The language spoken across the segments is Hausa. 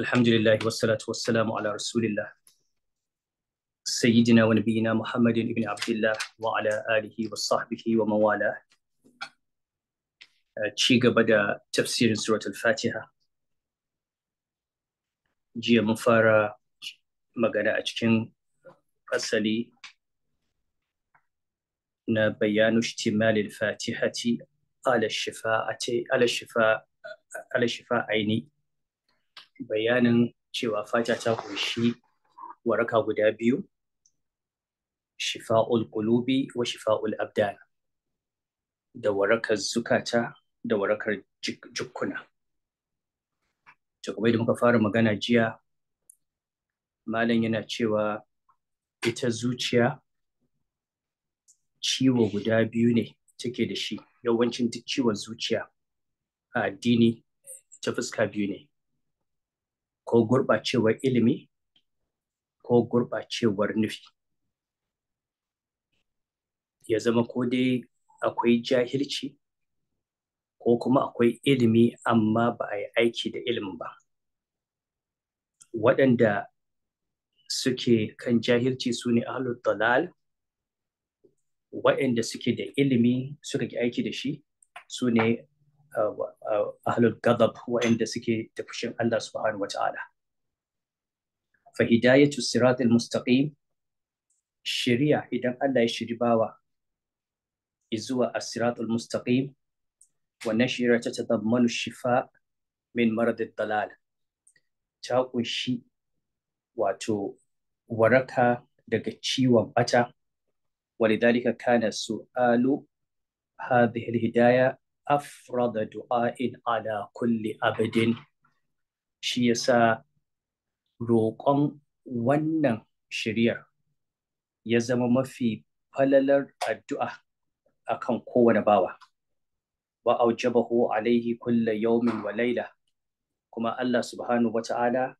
الحمد لله والصلاة والسلام على رسول الله سيدنا ونبينا محمد بن عبد الله وعلى آله وصحبه ومن والاه ci gaba da tafsirin suratul fatiha jiya mun fara magana a cikin asali na bayanu shtimalil fatihati ala ala shifa ala bayanin cewa fata ta kunshi waraka guda biyu shifa'ul qulubi wa shifa'ul abdan da warakar zukata da warakar jukkuna to da muka fara magana jiya malam yana cewa ita zuciya ciwo guda biyu ne take da shi yawancin duk ciwon zuciya a addini ta fuska biyu ne ko gurɓacewar ilimi ko gurɓacewar nufi ya zama ko dai akwai jahilci ko kuma akwai ilimi amma ba a yi aiki da ilimin ba waɗanda suke kan jahilci su ne ahlul dalal waɗanda suke da ilimi suka ki aiki da shi su ne uh, uh, ahlul gadab waɗanda suke da fushin Allah subhanahu wa ta'ala fa hidayatu siratul mustaqim shari'a idan Allah ya shiri bawa izuwa as-siratul mustaqim wannan nashira ta tadammanu shifa min maradid dalal ta kunshi wato waraka daga ciwon bata ولذلك كان سؤال هذه الهداية أفرض دعاء على كل أبد shi yasa roƙon wannan shiriyar ya zama mafi falalar addu'a akan kowane bawa wa aujabahu alaihi kulla yaumin wa laila kuma Allah subhanahu wata'ala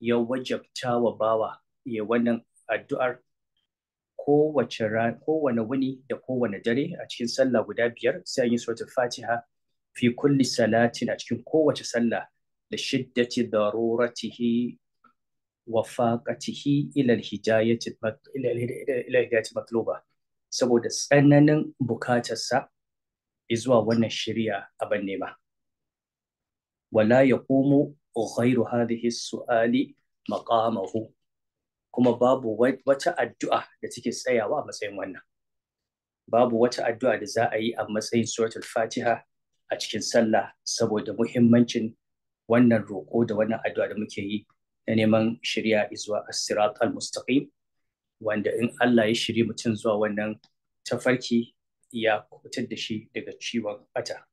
ya wajabta wa bawa ya wannan addu'ar kowace kowane wuni da kowane dare a cikin sallah guda biyar sai an yi suratul fatiha fi kulli salatin a cikin kowace sallah da shiddati daruratihi wa faqatihi ila alhidayati ila matluba saboda tsananin bukatarsa zuwa wannan shirya abin nema wala yaqumu ghayru hadhihi su'ali maqamahu kuma babu wata addu'a da take tsayawa a matsayin wannan babu wata addu'a da za a yi a matsayin suratul fatiha a cikin sallah saboda muhimmancin wannan roƙo da wannan addu'a da muke yi na neman shirya izuwa as-sirat al-mustaqim wanda in Allah ya shiri mutum zuwa wannan tafarki ya kubutar da shi daga ciwon bata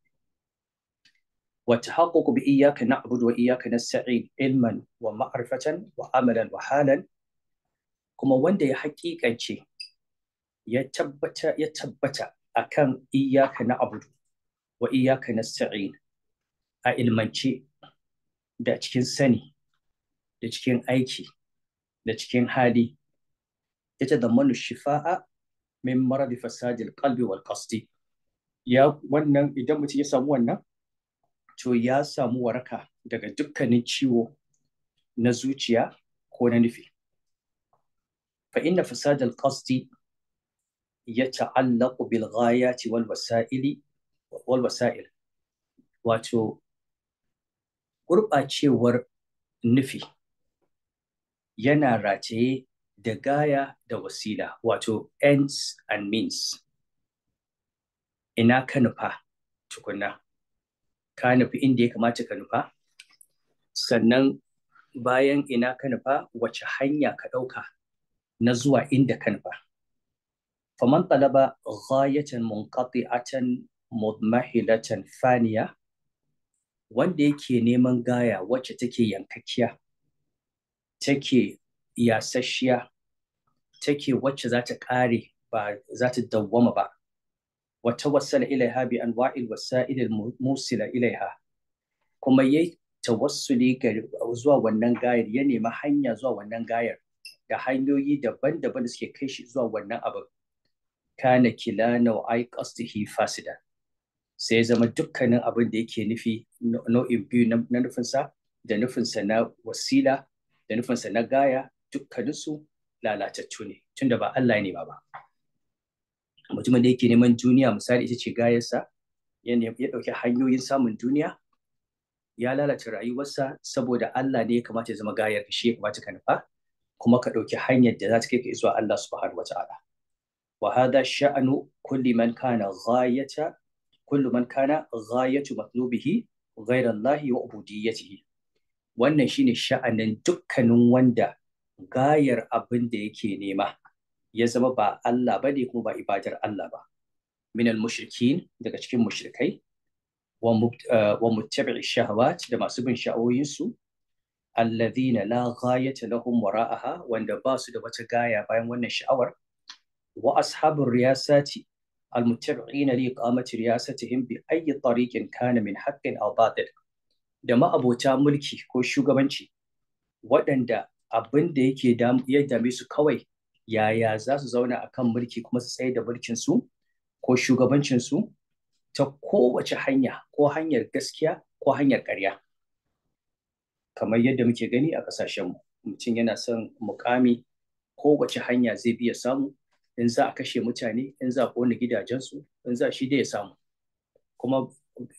na بإياك ilman wa نستعين wa ومعرفة wa وحالا kuma wanda ya haƙiƙance ya tabbata ya tabbata akan iyaka na abudu wa iyaka na sa'in a ilmance da cikin sani da cikin aiki da cikin hali ya ta zamanu shifa'a min maradi fasadil qalbi wal qasdi ya wannan idan mutum ya samu wannan to ya samu waraka daga dukkanin ciwo na zuciya ko na nufi فإن فساد القصد ya بالغايات والوسائل والوسائل wato gurɓacewar nufi yana rataye da gaya da wasila wato ends and means ina ka nufa tukuna ka nufi inda ya kamata ka nufa sannan bayan ina ka nufa wace hanya ka ɗauka na zuwa inda kan ba faman talaba ghayatan munqati'atan mudmahilatan faniya wanda yake neman gaya wacce take yankakkiya take yasasshiya take wacce za ta ƙare ba za ta dawwama ba wata wasala ilaiha bi anwa'il wasa'il musila ilaiha kuma yayi tawassuli zuwa wannan gayar ya nemi hanya zuwa wannan gayar da hanyoyi daban-daban da suke kai shi zuwa wannan abin kana kila nau'ai qastihi fasida sai ya zama dukkanin abin da yake nufi nau'in biyu na nufinsa da nufinsa na wasila da nufinsa na gaya dukkaninsu lalatattu ne tunda ba Allah ne ba ba mutumin da yake neman duniya misali ita ce gayarsa ya ɗauki hanyoyin samun duniya ya lalata rayuwarsa saboda Allah ne ya kamata ya zama gayar shi ya kamata ka nufa kuma ka ɗauki hanyar da za ta kai ka zuwa Allah subhanahu wa ta'ala wa hadha sha'nu kulli man kana ghayata kullu man kana ghayatu matlubihi ghayra Allah wa ubudiyyatihi wannan shine sha'anin dukkanin wanda gayar abin da yake nema ya zama ba Allah ba ne kuma ba ibadar Allah ba minal mushrikin daga cikin mushrikai wa eh, muttabi'i shahawat da masu bin sha'awoyinsu alladhina la ghayata lahum wara'aha wanda ba su da wata gaya bayan wannan sha'awar wa ashabur riyasati almutabi'ina li qamati riyasatihim bi ayyi tariqin kana min haqqin aw batil da ma'abota mulki ko shugabanci waɗanda abin da yake ya dame su kawai yaya za su zauna kan mulki kuma su tsaye da mulkinsu ko shugabancinsu? su ta kowace hanya ko hanyar gaskiya ko hanyar ƙarya kamar yadda muke gani a mu. mutum yana son mukami Ko wace hanya zai biya samu in za a kashe mutane in za a gidajensu in za shi da ya samu kuma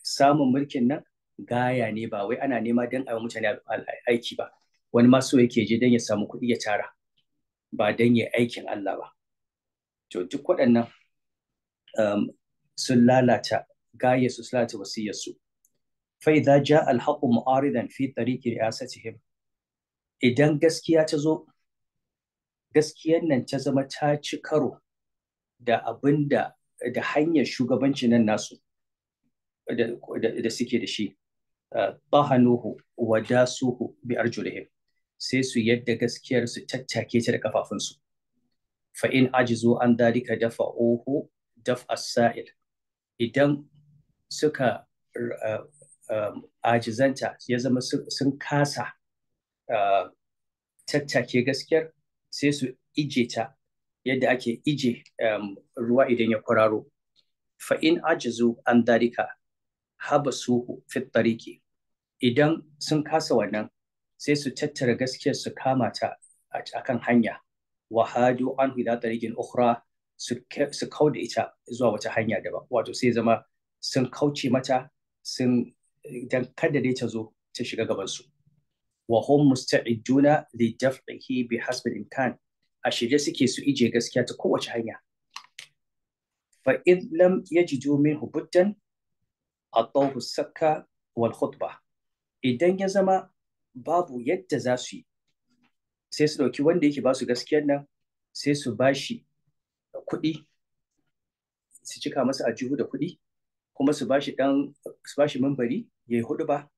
samun mulkin nan gaya ne ba wai ana nema don a mutane aiki ba wani maso yake je dan ya samu kuɗi ya tara ba dan ya aikin Allah ba to duk waɗannan um, sun lalata gaya su lalata wasiyarsu فإذا جاء الحق معارضا في طريق رئاستهم idan gaskiya ta zo gaskiyar nan ta zama ta ci karo da abin da hanyar shugabanci nan nasu da suke da shi bahanuhu wa dasuhu bi arjulihim sai su yadda gaskiyar su tattake ta da kafafunsu fa in ajizu an dalika dafa'uhu daf as-sa'il idan suka Um, ajizanta ya zama sun kasa uh, tattake gaskiyar sai su ije ta yadda ake ije um, ruwa idan ya kwararo fa'in ajizu an darika haba suhu fitariki idan sun kasa wannan sai su tattara gaskiyar su kama ta a kan hanya wahadu an hida tarikin ukhra su kau da ita zuwa wata hanya daban wato sai zama sun kauce mata sun dan kada dai ta zo ta shiga gaban su wa hum musta'iduna li daf'ihi bi hasbi imkan a shirye suke su ije gaskiya ta kowace hanya fa id lam yajidu min buddan atahu sakka wal khutba idan ya zama babu yadda za su yi sai su dauki wanda yake ba su gaskiyar nan sai su bashi kuɗi su cika masa ajihu da kuɗi kuma su bashi dan su bashi mambari ya yi hudu ba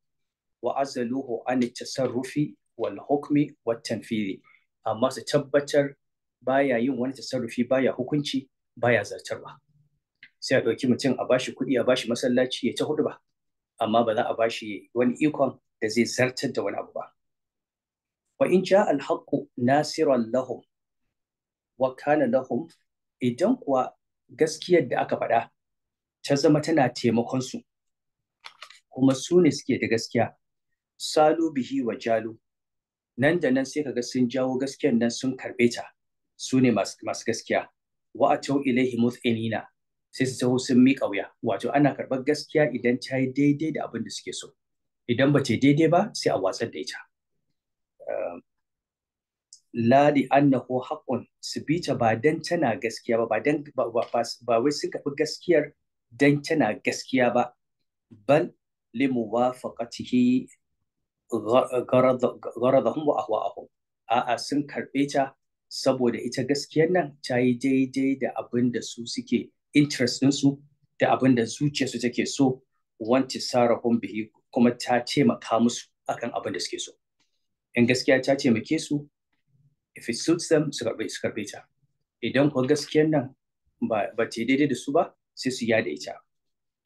wa azaluhu an tasarrufi wal hukmi wat tanfiri amma su tabbatar baya yin wani tasarrufi baya hukunci baya zartarwa sai a ɗauki mutum a bashi kuɗi a bashi masallaci ya ta hudu ba amma ba za a bashi wani ikon da zai zartar da wani abu ba wa in ja haqqu nasiran lahum wa kana lahum idan kuwa gaskiyar da aka faɗa ta zama tana taimakon su kuma su ne suke da gaskiya salu bihi wa jalu nan da nan sai kaga sun jawo gaskiyan nan sun karɓe ta su ne masu gaskiya wa atau ilaihi muthinina sai su taho sun miƙa wuya wato ana karɓar gaskiya idan ta yi daidai da abin da suke so idan ba ta yi daidai ba sai a watsar da ita ehm, la li annahu haqqun ta ba dan tana gaskiya ba ba wai sun karɓi gaskiyar dan tana gaskiya ba bal limuwafaqatihi gharadahum wa ahwa'ahum a'a sun karɓe ta saboda ita gaskiyar nan ta yi daidai da abin da su suke interest ɗinsu da abin da su take so wanti sarahun bihi kuma ta taimaka musu akan abin da suke so in gaskiya ta taimake su if it suits them su karɓe su karɓe ta idan kuwa gaskiyar nan ba ta daidai da su ba sai su yada ita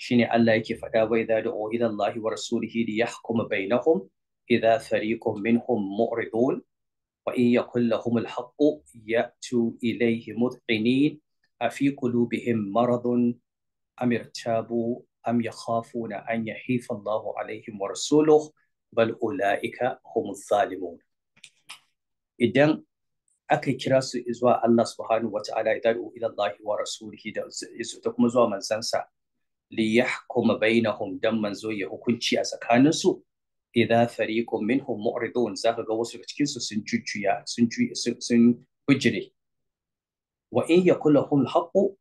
shine Allah yake faɗa bai da da'u ila Allah wa rasulihi li yahkum bainahum idza fariqun minhum mu'ridun wa in yakul lahum al-haqqu ya'tu ilayhi mudhinin afi qulubihim maradun am irtabu am yakhafuna an yahifa Allah alaihim wa rasuluhu bal ulaika hum zalimun idan aka kira su zuwa Allah subhanahu wa ta'ala idan ila Allah wa rasulihi da kuma zuwa manzansa li baina bainahum dan manzo ya hukunci a tsakaninsu idza fariqun minhum mu'ridun zaka ga wasu cikin su sun cuccuya sun sun bijire wa in yakul haqqu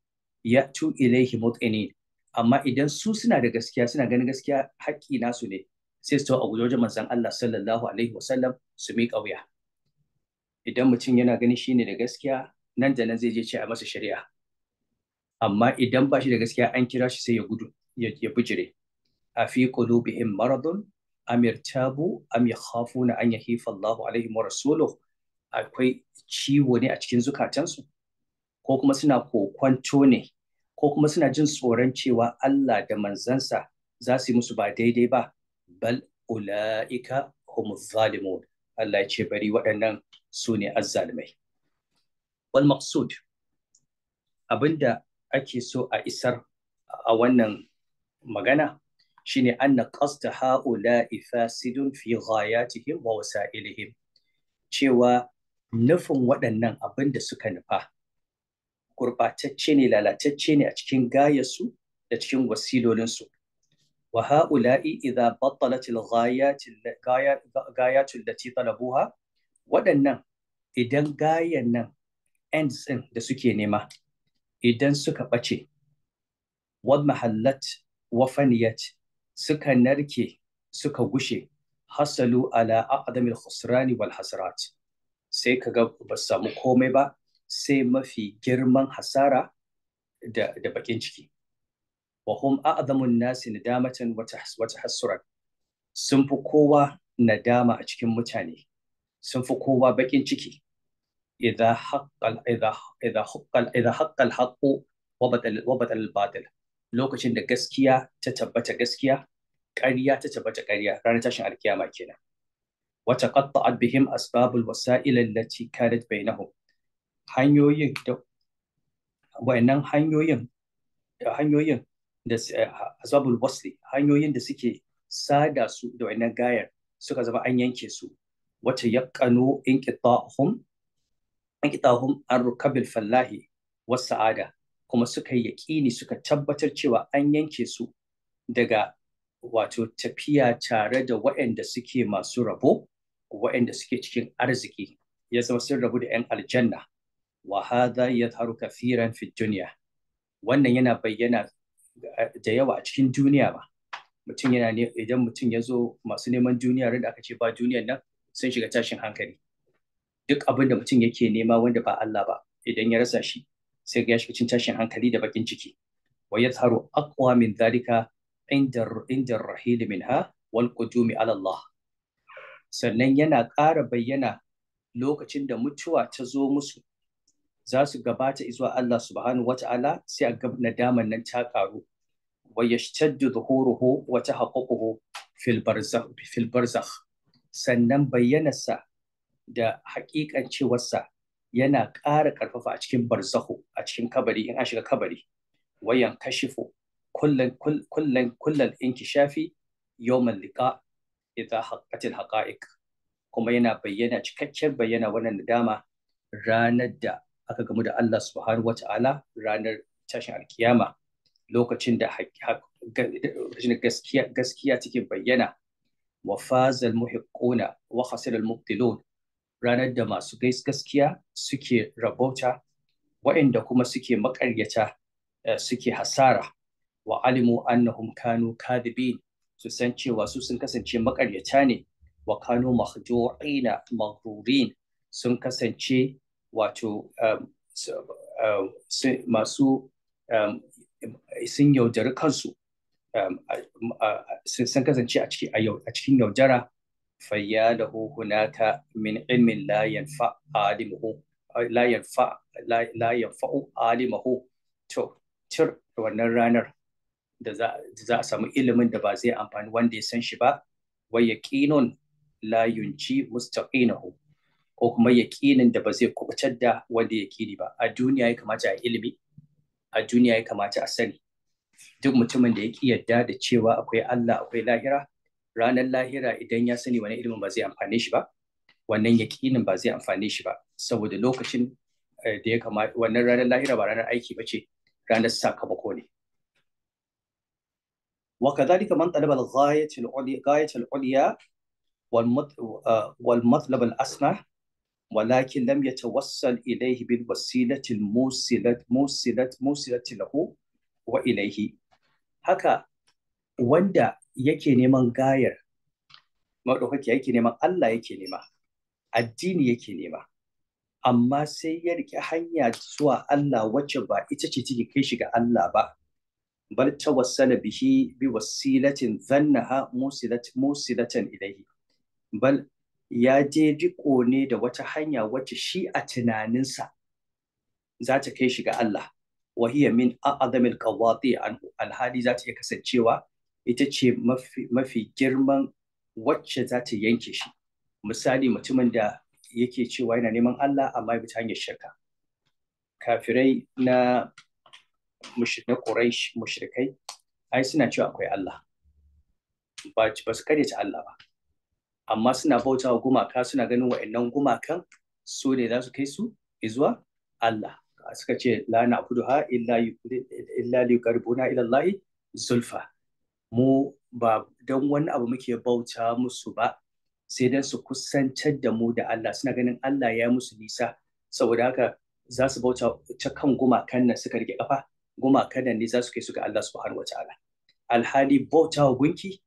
ya'tu ilayhi mut'inin amma idan su suna da gaskiya suna ganin gaskiya haƙƙi nasu ne sai su a guje wajen manzon Allah sallallahu alaihi wasallam su miƙa wuya idan mutum yana ganin shine da gaskiya nan da nan zai je ce a masa shari'a amma idan ba shi da gaskiya an kira shi sai ya gudu ya bijire a fi qulubihim maradun am yartabu am yakhafuna an yahifa Allahu alaihim wa rasuluhu akwai ciwo ne a cikin zukatansu ko kuma suna kokwanto ne ko kuma suna jin tsoron cewa Allah da manzansa za su yi musu ba daidai ba bal ula'ika hum zalimun Allah ya ce bari waɗannan su ne azzalimai wal maqsud abinda ake so a isar a wannan magana shine anna qasda ha'ula'i fasidun fi ghayatihim wa wasa'ilihim cewa nufin waɗannan abin da suka nufa gurɓatacce ne lalatacce ne a cikin gayasu da cikin wasilolinsu wa ha'ula'i idza battalat al-ghayatu allati talabuha waɗannan idan gayan nan ends ɗin da suke nema idan suka ɓace wad mahallat wa faniyat suka narke suka gushe hasalu ala a'damil khusrani wal hasrat sai kaga ba samu komai ba sai mafi girman hasara da, da bakin ciki wa hum a'damun nasi nadamatan wa tahassuran sun fi kowa nadama a cikin mutane sun fi kowa bakin ciki إذا حق إذا إذا حق إذا حق الحق الباطل lokacin da gaskiya ta tabbata gaskiya ƙarya ta tabbata ƙarya ranar tashin alkiyama kenan wata qatta'at bihim asbabul wasa'il allati kanat bainahum hanyoyin da wayannan hanyoyin da wasli hanyoyin da suke sada su da wayannan gayar suka zama an yanke su wata yaqanu an hum an rukabil fallahi was sa'ada kuma suka yi yaƙini suka tabbatar cewa an yanke su daga wato tafiya tare da waɗanda suke masu rabo waɗanda suke cikin arziki ya zama sun rabu da 'yan aljanna wa hadha yadhharu kathiran fi dunya wannan yana bayyana eh, da yawa a cikin duniya ba mutum yana idan mutum ya zo masu neman duniya da aka ce ba duniyar nan sun shiga tashin hankali duk abin da mutum yake nema wanda ba Allah ba idan ya rasa shi sai ga ya shiga cikin tashin hankali da bakin ciki wa yatharu aqwa min dhalika inda inda rahil minha wal qudumi ala Allah sannan yana ƙara bayyana lokacin da mutuwa ta zo musu za su gabata izuwa Allah subhanahu wata'ala sai a gab nadaman nan ta karu wa yashtaddu dhuhuruhu wa tahaqquhu fil barzakh fil barzakh sannan bayyanarsa da haƙiƙan yana ƙara ƙarfafa a cikin barzahu a cikin kabari in an shiga kabari wayan kashifu kullan kullan inkishafi yawmal liqa idza haqqatil haqa'iq kuma yana bayyana cikakken bayyana wannan nadama ranar da aka gamu da Allah subhanahu wata'ala ranar tashin alkiyama lokacin da gaskiya take bayyana wa fazal muhiqquna wa mubtilun ranar da masu gaskiya suke rabauta waɗanda kuma suke makaryata eh, suke hasara wa alimu annahum kanu kadibin su san cewa su sun kasance makaryata ne wa kanu mahju'ina maghrurin sun kasance wato um, um, masu um, sun yaudari kansu sun kasance a cikin yaudara fayya da hunata min ilmin la yanfa alimuhu la yanfa la alimuhu to wannan ranar da za a samu ilimin da ba zai amfani wanda ya san shi ba wa yaqinun la yunji mustaqinahu ko kuma yaqinin da ba zai kubutar da wanda ya kini ba a duniya ya kamata a ilimi a duniya ya kamata a sani duk mutumin da ya yarda da cewa akwai Allah akwai lahira ranar lahira idan ya sani wani ilimin ba zai amfane shi ba wannan yaƙinin ba zai amfane shi ba saboda lokacin eh, da ya kamata wannan ranar lahira ba ranar aiki ba ce ranar sakamako ne وكذلك من طلب الغاية العليا غاية العليا والمطلب الأسمى ولكن لم يتوصل إليه بالوسيلة الموصلة موصلة موصلة له وإليه هكا wanda yake neman gayar maɗaukaki yake neman Allah yake nema addini yake nema amma sai ya riƙe hanya zuwa Allah wacce ba ita ce take kai shi ga Allah ba bal tawassala bihi bi wasilatin zannaha musilat musilatan ilayhi bal ya je riko ne da wata hanya wacce shi a tunaninsa za ta kai shi ga Allah wa hiya min a'zamil qawati an alhali za ta iya kasancewa ita ce mafi girman wacce za ta yanke shi misali mutumin da yake cewa yana neman Allah amma bi ta hanyar shirka kafirai na mushrikai quraish mushrikai ai suna cewa akwai Allah ba ba su ta Allah ba amma suna bauta wa gumaka suna ganin wa'annan gumakan su ne za su kai su zuwa Allah suka ce la ha, illa illa liqarbuna ila Allah zulfa mu ba don wani abu muke bauta musu ba sai don su kusantar da mu da Allah suna ganin Allah ya musu nisa saboda haka za su bauta ta kan gumakan nan suka rike kafa gumakan nan ne za su kai su ga Allah subhanahu wataala alhali bauta gunki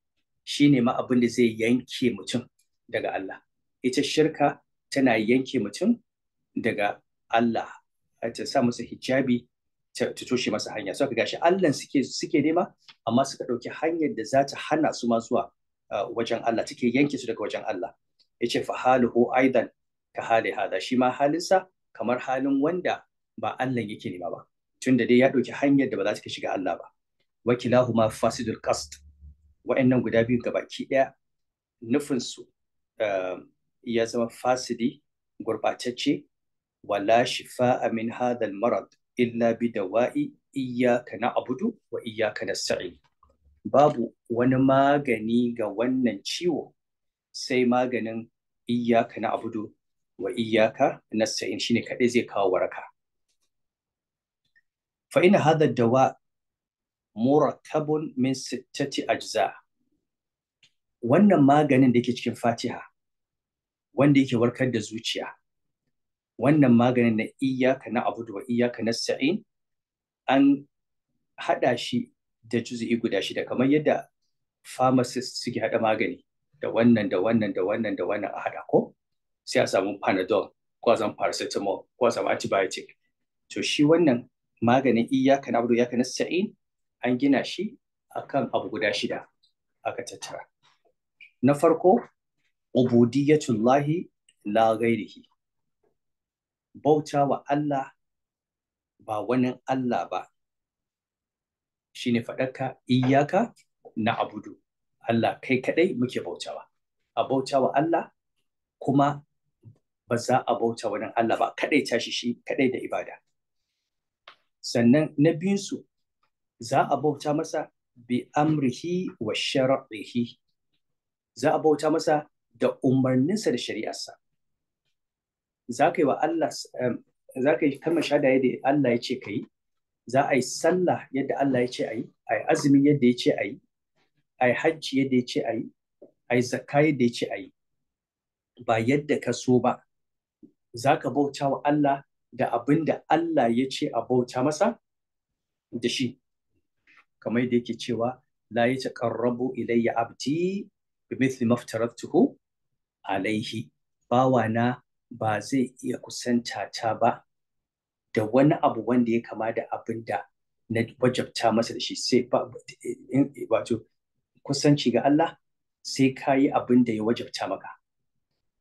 shine ma abin da zai yanke mutum daga Allah ita shirka tana yanke mutum daga Allah ta sa musu hijabi ta toshe masa hanya ga gashi Allah suke suke nema amma suka ɗauki hanyar da za ta hana su ma zuwa ah, wajen Allah take yanke su daga wajen Allah yace fa haluhu aidan ka hali hada shi ma halinsa kamar halin wanda ba Allah yake nema ba tunda dai ya ɗauki hanyar da ba za ta shiga Allah ba ma fasidul qasd wa'annan guda biyu gabaki ɗaya nufinsu ah, ya zama fasidi gurbatacce wala shifa min hadal marad illa bi dawa'i iyyaka na'budu wa iyyaka nasta'in babu wani magani ga wannan ciwo sai maganin iyyaka na'budu wa iyyaka nasta'in shine kadai zai kawo waraka fa ina hada dawa murakkabun min sittati ajza wannan maganin da yake cikin Fatiha wanda yake warkar da zuciya wannan maganin na iyaka na abu da iyaka na sa'in an haɗa shi da juzu'i guda shida kamar yadda pharmacist suke haɗa magani da wannan da wannan da wannan da wannan a haɗa ko sai a samu panadol ko a samu paracetamol ko a samu antibiotic to shi wannan maganin iyaka na abudu iyaka na sa'in an gina shi akan abu guda shida aka tattara na farko ubudiyatullahi la ghairihi bauta wa Allah ba wani Allah ba shi ne faɗaka iyaka na abudu Allah kai kaɗai muke bautawa a bautawa Allah kuma ba za a bauta wani Allah ba kaɗai tashi shi kaɗai da ibada sannan na biyunsu za a bauta masa bi amrihi wa shara'ihi za a bauta masa da umarninsa da shari'arsa za ka yi wa Allah za ka yi yadda Allah ya ce ka yi za a yi sallah yadda Allah ya ce a yi a yi azumi yadda ya ce a yi a yi hajji yadda ya ce a yi a yi zakka yadda ya ce a yi ba yadda ka so ba za ka bauta wa Allah da abin da Allah ya ce a bauta masa da shi kamar yadda yake cewa la ya taqarrabu ilayya abdi bi mithli maftaratuhu alaihi bawana ba zai iya kusantata ba da wani abu wanda ya kama da abin da na wajabta masa da shi sai ba wato kusanci ga Allah sai ka yi abin da ya wajabta maka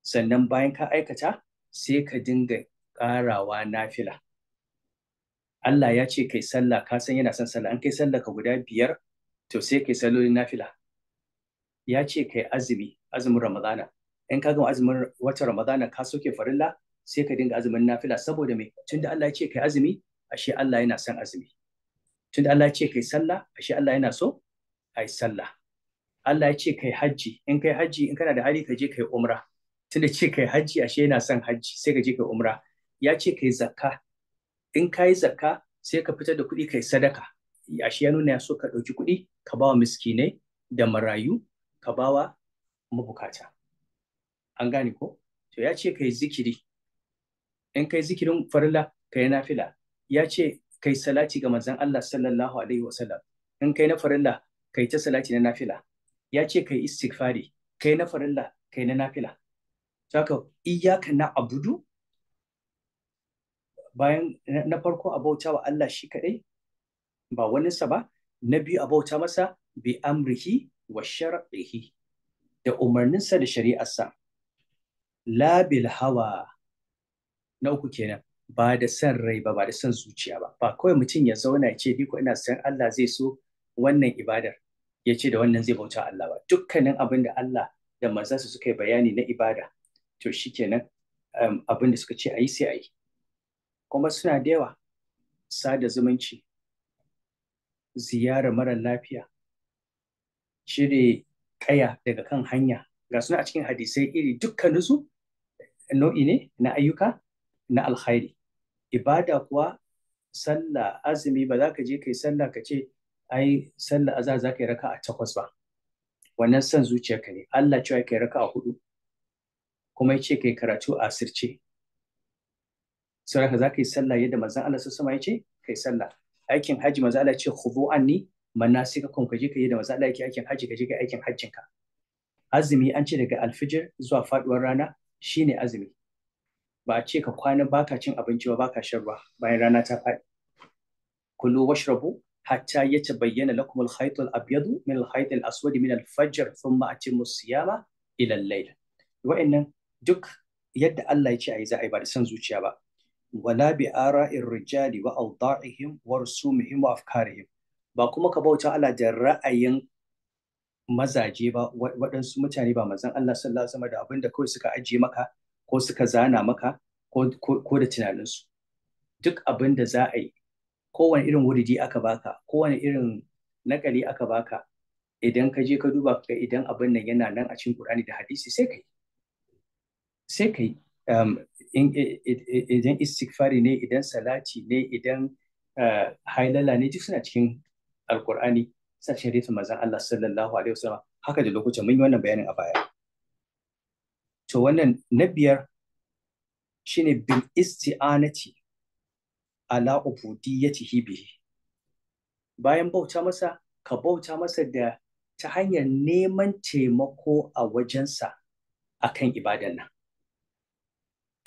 sannan bayan ka aikata sai ka dinga ƙarawa nafila Allah ya ce kai sallah ka san yana son sallah an kai sallah ka guda biyar to sai kai salloli nafila ya ce kai azumi azumin ramadana in ka gama azumin watan ramadana ka soke farilla sai ka dinga azumin nafila saboda me tunda Allah ya ce kai azumi ashe Allah yana son azumi tunda Allah ya ce kai sallah ashe Allah yana so ai sallah Allah ya ce kai hajji in kai hajji in kana da hali ka je kai umra tunda ce kai hajji ashe yana son hajji sai ka je kai umra ya ce kai zakka in kai zakka sai ka fitar da kuɗi kai sadaka ashe ya nuna ya so ka ɗauki kuɗi ka bawa miskinai da marayu ka bawa mabukata an gane ko to ya ce kai zikiri in kai zikirin farilla kai nafila ya ce kai salati ga manzon Allah sallallahu alaihi sallam in kai na farilla kai ta salati na nafila ya ce kai istighfari kai na farilla kai na nafila saka iyyaka na abudu bayan na farko abauta wa Allah shi kadai ba sa ba na biyu a bauta masa bi amrihi wa shar'ihi da umarninsa da shari'arsa labil hawa na uku kenan ba da san rai ba ba da san zuciya ba ba kawai mutum ya zauna ya ce ko ina san Allah zai so wannan ibadar ya ce da wannan zai bauta Allah ba dukkanin abin da Allah da manzansa suka yi bayani na ibada to shikenan um, abin da suka ce ayi sai ayi kuma suna da yawa sada zumunci ziyara mara lafiya cire kaya daga kan hanya ga suna a cikin hadisai iri dukkaninsu nau'i ne na ayyuka na alkhairi ibada kuwa sallah azumi ba za ka je kai sallah ka ce ai sallah azhar za ka yi raka a takwas ba wannan son zuciyarka ne Allah cewa kai raka a hudu kuma ya ce kai karatu a asirce saboda za ka yi sallah yadda manzon Allah sallallahu alaihi ya ce kai sallah aikin haji manzon Allah ya ce khudu anni kun ka je ka yi da manzon Allah yake aikin haji ka je ka aikin hajjinka azumi an ce daga alfijir zuwa faduwar rana shine azumi ba a ce ka kwana baka cin abinci ba baka shan ruwa bayan rana ta faɗi kullu washrabu hatta ya lakum al-khayt al-abyad min al-khayt al-aswad min al-fajr thumma atimmu siyama ila al-layl wa'annan duk yadda Allah ya ce ayi za a yi ba da san zuciya ba wala bi ara'ir rijali wa awda'ihim wa rusumihim wa afkarihim ba kuma ka bauta Allah da ra'ayin mazaje ba waɗansu mutane ba mazan Allah sallallahu alaihi da abinda kawai suka ajiye maka ko suka zana maka ko da tunaninsu duk abin da za a yi kowane irin wuridi aka baka kowane irin nakali aka baka idan ka je ka duba ka idan abin nan yana nan a cikin Qur'ani da hadisi sai kai sai kai um, idan istighfari ne idan salati ne idan uh, hailala ne duk suna cikin alkur'ani sa shari'ar manzon Allah sallallahu alaihi wasallam haka da lokacin mun yi wannan bayanin a baya to wannan na biyar shine bil isti'anati ala ubudiyyatihi bihi bayan bauta masa ka bauta masa da ta hanyar neman taimako a wajensa akan ibadan nan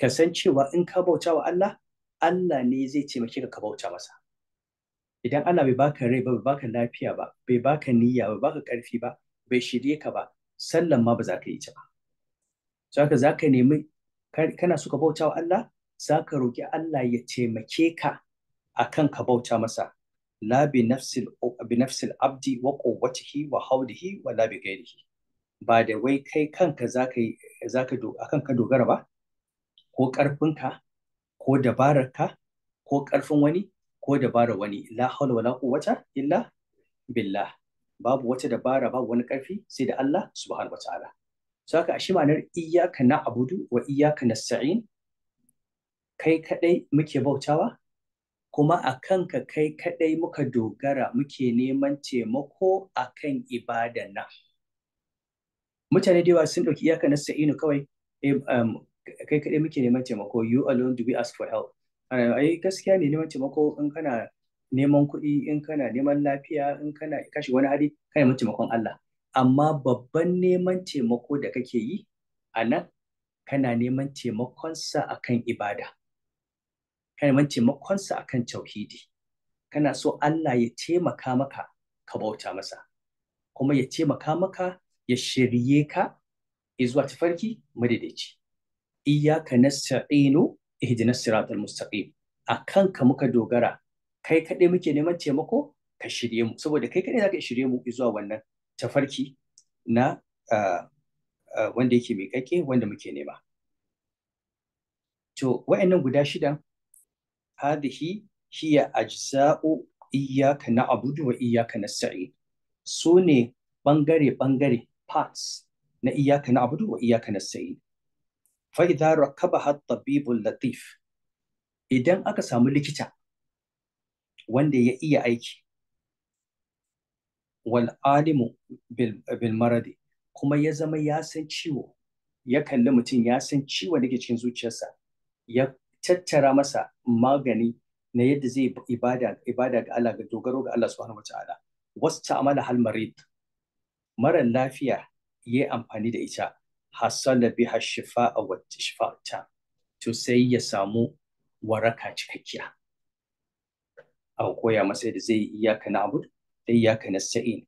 ka cewa in ka bauta wa Allah Allah ne zai taimake ka ka bauta masa idan Allah bai baka rai ba bai baka lafiya ba bai baka niyya bai baka karfi ba bai shirye ka ba sallan ma ba za ka yi ta ba so haka za ka nemi kana so ka bauta wa Allah za ka roki Allah ya taimake ka akan ka bauta masa la bi nafsil bi nafsil abdi wa quwwatihi wa hawlihi wa la bi ghairihi ba da wai kai kanka ka do akan ka dogara ba ko karfinka ko dabararka ko karfin wani ko dabara wani la hawla wala quwwata illa billah babu wata dabara babu wani karfi sai da Allah subhanahu wataala so haka ashi ma'anar iyyaka na'budu wa iyyaka nasta'in kai kadai muke bautawa kuma a kanka kai kadai muka dogara muke neman taimako akan ibadan nan mutane da yawa sun dauki iyyaka sa'inu kawai eh, um, kai kadai muke neman taimako you alone do we ask for help ai gaskiya ne neman taimako in kana neman kuɗi in kana neman lafiya in kana kashi wani hali kana neman taimakon Allah amma babban neman taimako da kake yi a nan kana neman taimakonsa a kan ibada kana neman taimakonsa a kan tauhidi kana so Allah ya taimaka maka ka bauta masa kuma ya taimaka maka ya shirye ka izuwa tafarki madaidaici iyyaka nasta'inu ihdina siratal mustaqim a kanka muka dogara kai kaɗai muke neman taimako ka shirye mu saboda kai kaɗai za ka shirye mu zuwa wannan tafarki na wanda yake miƙaƙe wanda muke nema to wa'annan guda shida hadhihi hiya ajza'u iyyaka na'budu wa iyyaka nasta'in su ne bangare bangare parts na iyyaka na'budu wa iyyaka nasta'in fa'idha rakabaha har tabibul latif idan aka samu likita wanda ya iya aiki wal alimu bil maradi kuma ya zama ya san ciwo ya kalli mutum ya san ciwon da ke cikin zuciyarsa ya tattara masa magani na yadda zai ibada ibada ga Allah ga dogaro ga Allah subhanahu wataala wasu ta'amala hal marid mara lafiya ya amfani da ita hasala biha shifa'a wa tishfa'ta to sai ya samu waraka cikakkiya a koya masa da zai iyaka na'bud da iyaka sa'in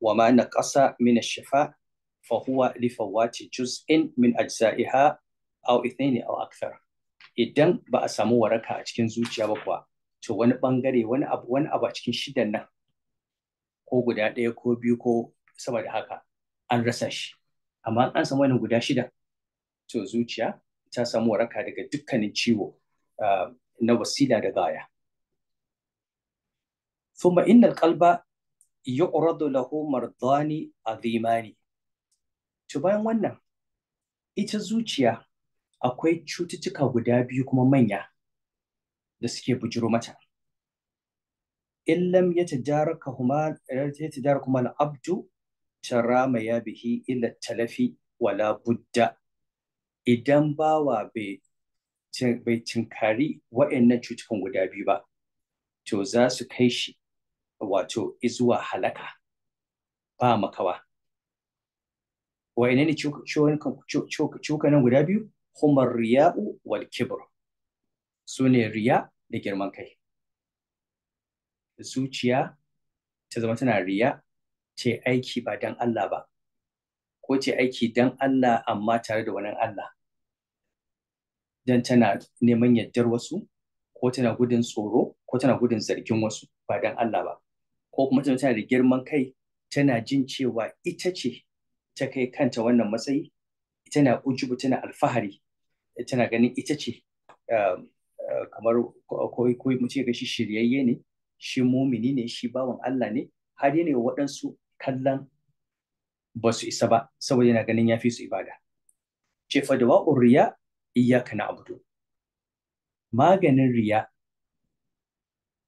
wa ma naqasa min ash-shifa fa huwa li fawati juz'in min ajza'iha aw ithnain aw akthar idan ba a samu waraka a cikin zuciya ba kuwa to wani bangare wani abu wani abu a cikin shidan nan ko guda ɗaya ko biyu ko sama da haka an rasa shi amma an samu wannan guda shida to zuciya ta samu waraka daga dukkanin ciwo ah, na wasila da gaya ثم إن qalba yu'radu lahu mardani azimani. to bayan wannan ita zuciya akwai cututtuka guda biyu kuma manya da suke bujiro mata illam yatadaraka huma al-abdu tarama ya bihi ila talafi wala budda idan bawa bai cinkari wa'annan cutukan guda biyu ba to za su kai shi wato izuwa halaka ba makawa wa'annan ne cukanan guda biyu humar riya'u wal kibr su ne riya da girman kai zuciya ta zama tana riya ce aiki ba dan Allah ba ko ce aiki dan Allah amma tare da wani Allah don tana neman yardar wasu ko tana gudun tsoro ko tana gudun zargin wasu ba dan Allah ba ko kuma tana da girman kai tana jin cewa ita ce ta kai kanta wannan matsayi tana ujubu tana alfahari tana ganin ita ce um, uh, kamar ko mutu ya shi shiryayye ne shi mumini ne shi bawan Allah ne har wa waɗansu kallon ba su isa ba saboda yana ganin ya fi su ibada ce fa dawa'ur riya iyaka na abudu. maganin riya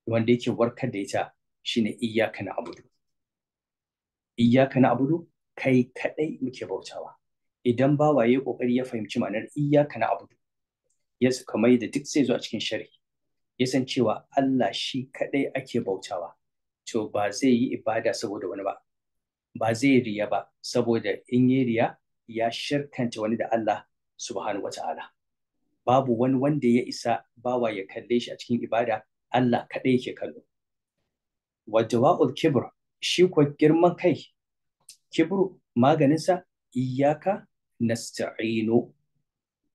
wanda yake warkar da ita shi ne iyaka na abudu. Iyaka na abudu kai kaɗai muke bautawa idan bawa ya ƙoƙari ya fahimci ma'anar na abudu ya suka mai da duk sai zuwa cikin shari ya san cewa Allah shi kaɗai ake bautawa to ba zai yi ibada saboda wani ba ba zai riya ba saboda in yi riya ya shirkanta wani da Allah subhanahu wata'ala babu wani wanda ya isa bawa ya kalle shi a cikin ibada Allah kaɗai yake kallo wadawa'ul kibr shi ko girman kai kibru maganinsa iyaka nasta'inu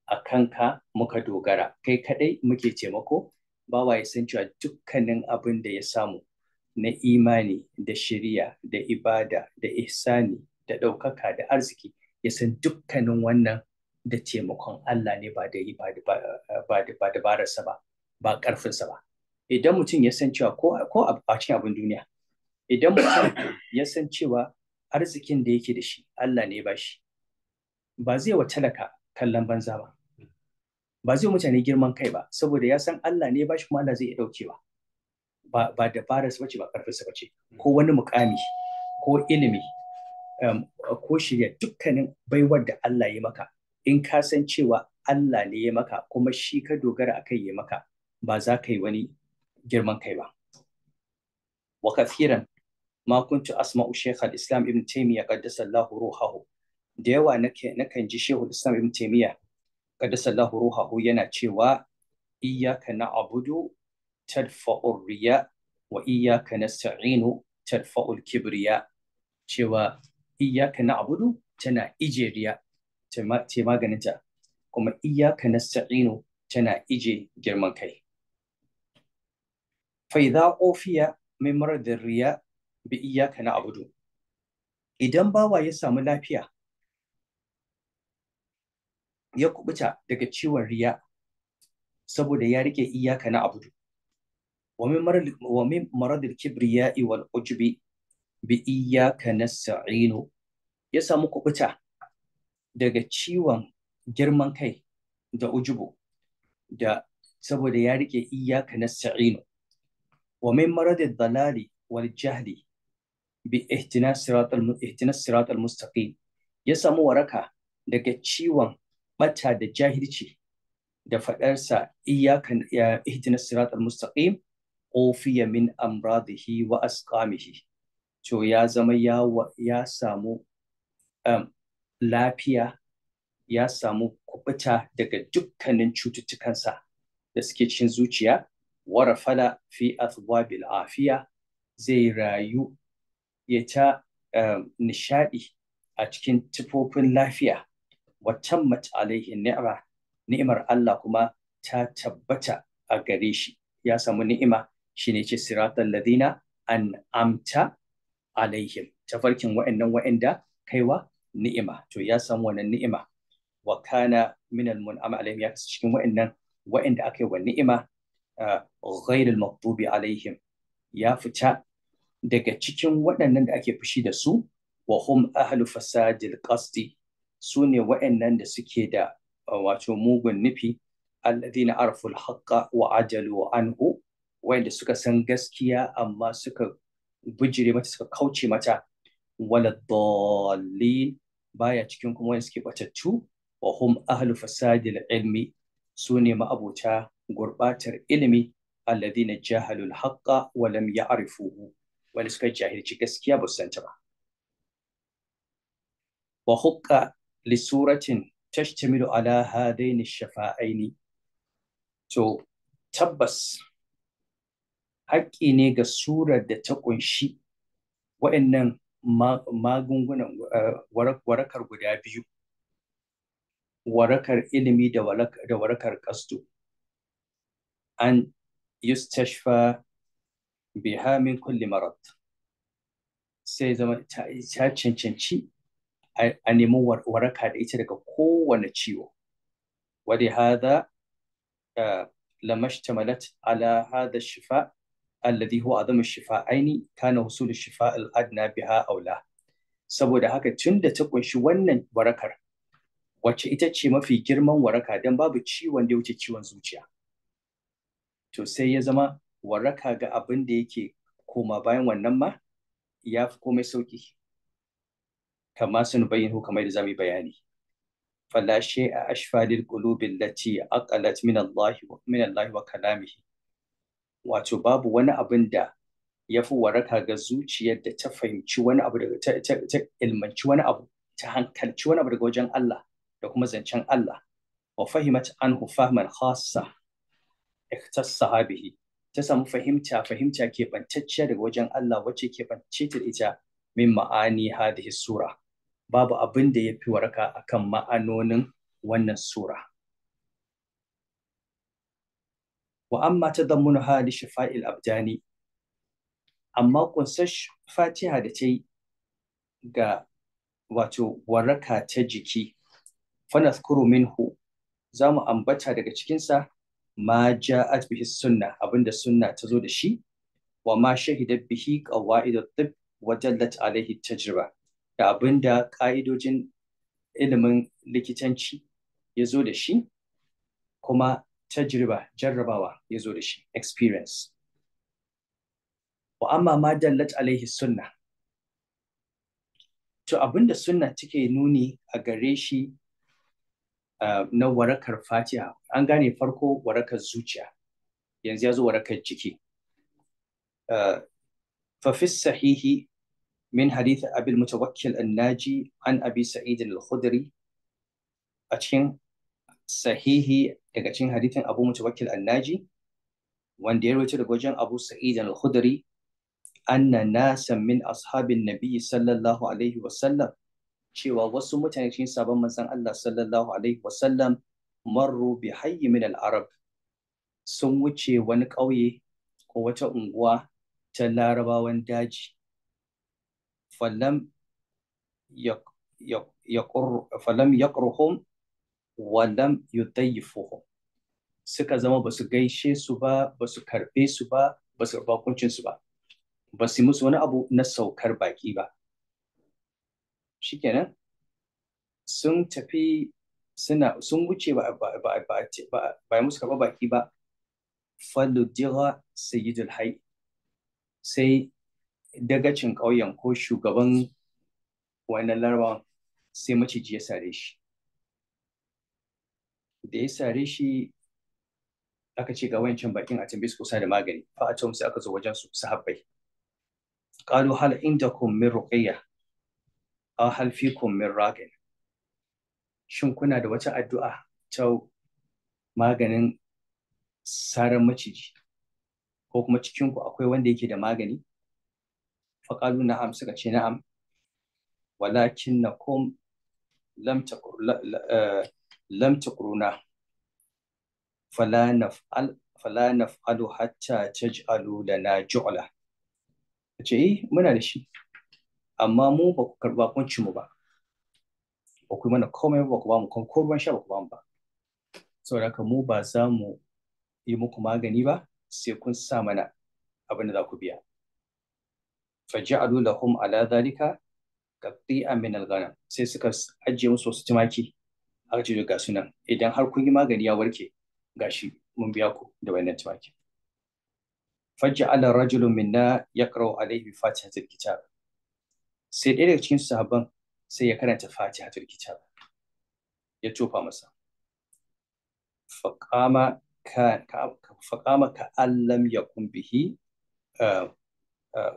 a kanka muka dogara kai kaɗai muke taimako bawa ya san cewa dukkanin abin da ya samu na imani da shirya da ibada da ihsani da ɗaukaka da arziki ya san dukkanin wannan da taimakon Allah ne ba da ba dabararsa ba ba ƙarfinsa ba idan mutum ya san cewa ko a cikin abin duniya idan mutum ya san cewa arzikin da yake da shi Allah ne ba shi ba zai wa talaka kallon banza ba ba zai mutane girman kai ba saboda ya san Allah ne ba shi kuma Allah zai iya ɗaukewa ba da fara su bace ba karfin su bace hmm. ko wani mukami ko ilimi um, ko shirya dukkanin baiwar da Allah ya maka in ka san cewa Allah ne ya maka kuma shi ka dogara akai ya maka ba za ka yi wani girman kai ba wa kafiran ma kuntu asma'u shaykh al-islam ibn taymiyyah qaddasa Allahu ruhahu da yawa nake nakan ji shehu islam ibn taimiyya kada ruhahu yana cewa iyyaka na'budu tadfa'ur riya wa iyyaka nasta'inu tadfa'ul kibriya cewa iyyaka na'budu tana ije riya ta maganinta kuma iyyaka nasta'inu tana ije girman kai fa idza ufiya min maradir riya bi iyyaka na'budu idan bawa ya samu lafiya ya kubuta daga ciwon riya saboda ya rike iyaka na abudu ومن مرض ومن الكبرياء والعجب بإياك نستعين ya samu kubuta daga ciwon girman kai da ujubu da saboda ya rike iyaka nasta'inu wa min maradid dalali wal jahli bi ihtinas siratal mustaqim ya samu waraka daga ciwon bata da jahilci da faɗarsa iyakan ihtinas siratal mustaqim ofiya min amradihi wa asqamihi to ya zama ya ya samu um, lafiya ya samu kubuta daga dukkanin cututtukansa da suke cikin zuciya warafala fi athwabil afiya zai rayu ya ta um, nishadi a cikin tufofin lafiya watan mace alaihi ni'mar Allah kuma ta tabbata a gare shi ya samu ni'ima shine ce siratal ladina an amta alaihim tafarkin wa'annan wa'anda kaiwa ni'ima to ya samu wannan ni'ima wa kana min al mun'am alaihim ya cikin wa'annan wa'anda aka yi wa ni'ima ah, ghayr al maghdubi alaihim ya fita daga cikin waɗannan da ake fushi da su wa hum ahlu fasadil qasdi su ne wa'annan da suke da ah, wato mugun nufi alladhina arful haqqa wa ajalu anhu Wanda suka san gaskiya amma suka bijire mata suka kauce mata wala dallin baya cikin kuma wanda suke batattu wa hum ahlu fasadil ilmi su ne ma'abota gurbatar ilimi alladhina jahalul haqqa wa lam ya'rifuhu wanda suka jahilci gaskiya ba su santa ba wa hukka li suratin tashtamilu ala hadaini shafa'aini to tabbas haƙƙi ne ga surar da ta ƙunshi waɗannan magungunan eh, warakar guda biyu warakar ilimi da warakar ƙasdu an yustashfa biha min kulli marad sai zama ta cancanci a nemi waraka da ita daga kowane ciwo wali hada eh, lamashtamalat ala hada shifa alladhi huwa adamu shifa'aini kana husul shifa al-adna biha aula saboda haka tun da ta kunshi wannan warakar wacce ita ce mafi girman waraka don babu ciwon da wuce ciwon zuciya to sai ya zama waraka ga abin da yake koma bayan wannan ma ya fi komai sauki kama sun bayyana kamar da zamu bayani fala a ashfalil qulubi allati aqalat min Allah min Allah wa wato babu wani abin da ya fi waraka ga zuciyar da ta fahimci wani abu daga ta ilmanci wani abu ta hankalci wani abu daga wajen Allah da kuma zancen Allah wa fahimat anhu fahman khassa ikhtassaha bihi ta samu fahimta fahimta ke bantacciya daga wajen Allah wacce ke bantacce ta ita min ma'ani hadhihi sura babu abin da ya fi waraka akan ma'anonin wannan sura wa amma ta zammuna hali shafa'il abjani amma san fatiha da ta yi ga wato waraka ta jiki fanaskuru minhu za mu ambata daga cikinsa ma ja'at bihi sunna abinda sunna ta zo da shi wa ma shahidat bihi qawaid at wa dallat alaihi tajriba da abinda ka'idojin ilimin likitanci ya zo da shi kuma tajriba jarrabawa ya zo da shi experience wa amma ma dallat alaihi sunna to abinda sunna take nuni a gare shi ah, na warakar fatiha an gane farko warakar zuciya yanzu ya zo warakar jiki ففي الصحيح من حديث أبي an abi عن أبي سعيد a cikin. sahihi daga cikin hadithin Abu Mutawakkil Annaji wanda ya rawaito daga wajen Abu Sa'id Al-Khudri anna nasan min ashabin nabi sallallahu alaihi wasallam cewa wasu mutane cikin sabon manzon Allah sallallahu alaihi wasallam marru bi hayyi min al-arab sun wuce wani ƙauye ko wata unguwa ta larabawan daji falam ya falam yaqruhum walam yudayyifuhum suka zama ba su gaishe su ba ba su karbe su ba ba su bakuncin su ba ba su musu wani abu na saukar baki ba shikenan sun tafi suna sun wuce ba ba ba ba ba musu karba baki ba faludira sayyidul hayy sai dagacin ƙauyen ko shugaban wannan larabawan sai maciji ya sare shi da ya sare shi aka ce ga wancan bakin a tambayi su kusa da magani fa a sai aka zo wajen su sahabbai qalu hal indakum min ruqiyya aw hal fikum min raqin shin kuna da wata addu'a ta maganin saran maciji ko kuma cikin ku akwai wanda yake da magani fa qalu na'am suka ce na'am walakinnakum lam takun eh, lam Falana fala naf'al fala naf'alu hatta taj'alu lana ju'la ce eh muna da shi amma mu ba ku karba mu ba ba ku mana komai ba ku ba mu ko sha ba ku ba mu ba saboda ba za mu yi muku magani ba sai kun sa mana abin da za ku biya faj'alu lahum ala dhalika qati'an a al-ghanam sai suka ajiye musu wasu tumaki aka ce ga sunan idan har kun yi magani ya warke gashi mun biya ku da wannan tumakin ala rajulun minna yaqra'u alayhi fatihatul kitab sai ɗaya daga cikin sahabban sai ya karanta fatihatul kitab ya tofa masa faqama ka faqama ka allam yakun bihi eh, eh,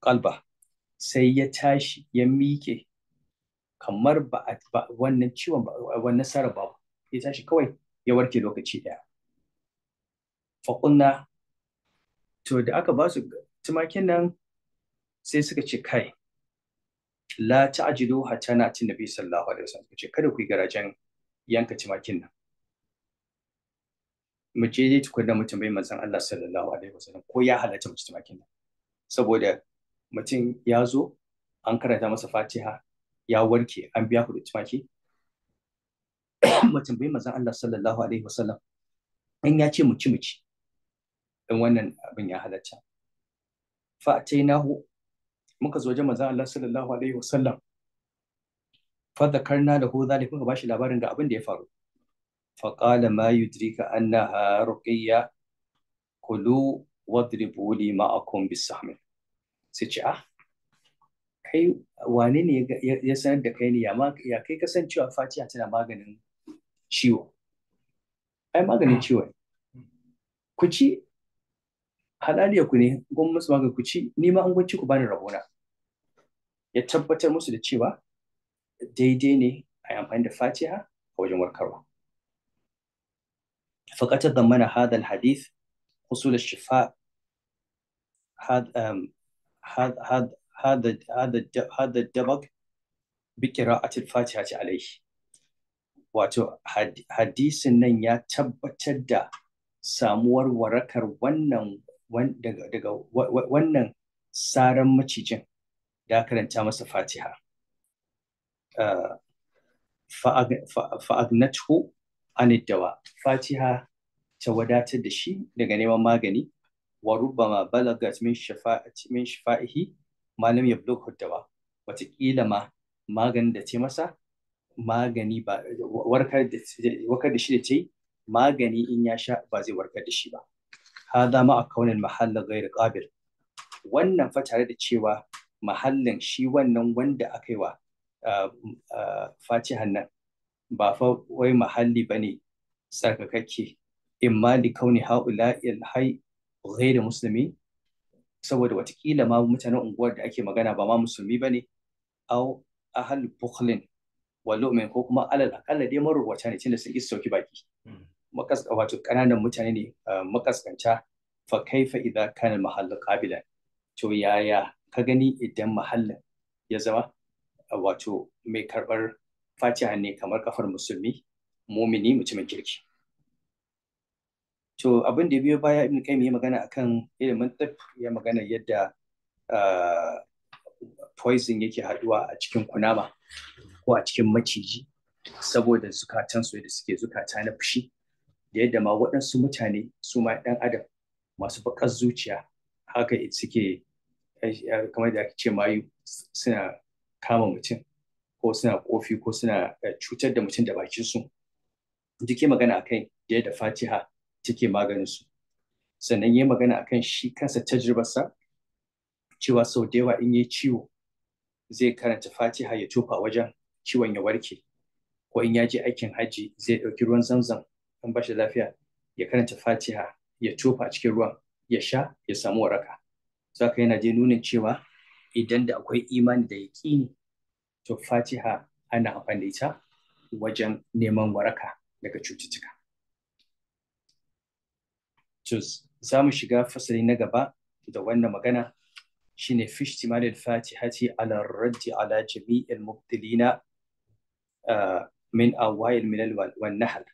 qalba sai ya tashi ya miƙe kamar ba wannan ciwon wannan sarar ba ya tashi kawai ya warke lokaci daya kunna to da aka ba su tumakin nan sai suka ce kai la ta'jidu hatta nati nabi sallallahu alaihi wasallam suka ce kada ku yi garajen yanka tumakin nan mu je dai tukunna mu tambayi manzon Allah sallallahu alaihi wasallam ko ya halatta mu tumakin nan saboda mutum ya zo an karanta masa Fatiha ya warke an biya kuɗin tumaki mutum bai mazan Allah sallallahu alaihi wasallam in ya ce muci-muci. mu in wannan abin ya halatta fa atainahu muka zo wajen mazan Allah sallallahu alaihi wasallam fa da dhakarna lahu zalika kuka bashi labarin ga abin da ya faru fa qala ma yudrika annaha ruqiyya kulu wadribu li ma'akum bisahmin sai ce ah kai wane ne ya sanar da kai ne ya kai kasancewa fatiha tana maganin ciwo ai maganin ciwo ku ci halaliya ku ne gwamnati musu maka ku ci ni ma an gwanci ku bani rabona ya tabbatar musu da cewa daidai ne a yi amfani da fatiha a wajen warkarwa fakatar da mana hadal hadith الشفاء هذا هذا هذا هذا هذا الدبق بقراءة الفاتحة wato hadisin nan ya tabbatar da samuwar warakar wannan daga wannan saran macijin da karanta masa fatiha fa'agnatu aniddawa fatiha ta wadatar da shi daga neman magani wa rubbama balagat min shafa'ihi malam ya blok dawa wataƙila ma maganin da ce masa magani ba warkar da warkar da shi da ce magani in ya sha ba zai warkar da shi ba hada ma a kaunin mahallin gairu qabil wannan fa tare da cewa mahallin shi wannan wanda aka yi wa fatihan nan ba fa wai mahalli bane sarkakakke imma li kauni haula ilhai ghairu saboda watakila ma mutanen unguwar da ake magana ba ma musulmi ba ne au ahal bukhlin wallo mai ko kuma alal akalla dai marurwata ne tunda sun isa sauki baki hmm. wato kananan mutane ne makaskanta fa kaifa idza kana mahallu qabilan to yaya ka gani idan mahallin ya zama wato mai karbar fatiha ne kamar kafar musulmi mumini mutumin kirki to abin da ya biyo baya ibn kaimi ya magana akan ilimin tsaf ya magana yadda ah, poison yake haduwa a cikin kunama ko a cikin maciji saboda zukatan su da suke zukata na fushi da yadda ma waɗansu mutane su ma ɗan adam masu baƙar zuciya haka suke kamar da ake ce mayu suna kama mutum ko suna kofi ko suna eh, cutar da mutum da bakin su duk magana akai da yadda fatiha take maganin su sannan ya magana akan shi kansa tajribarsa cewa sau da yawa in yi ciwo zai karanta fatiha ya tofa wajen ciwon ya warke ko in ya je aikin hajji zai ɗauki ruwan zamzam in ba lafiya ya karanta fatiha ya tofa a cikin ruwan ya sha ya samu waraka saka yana je nunin cewa idan da akwai imani da yaƙini to fatiha ana amfani da ita wajen neman waraka daga cututtuka to za mu shiga fasali na gaba da wannan magana shine fi ihtimalil fatihati ala raddi ala jami'il mubtilina ah, min awayil milal wan nahl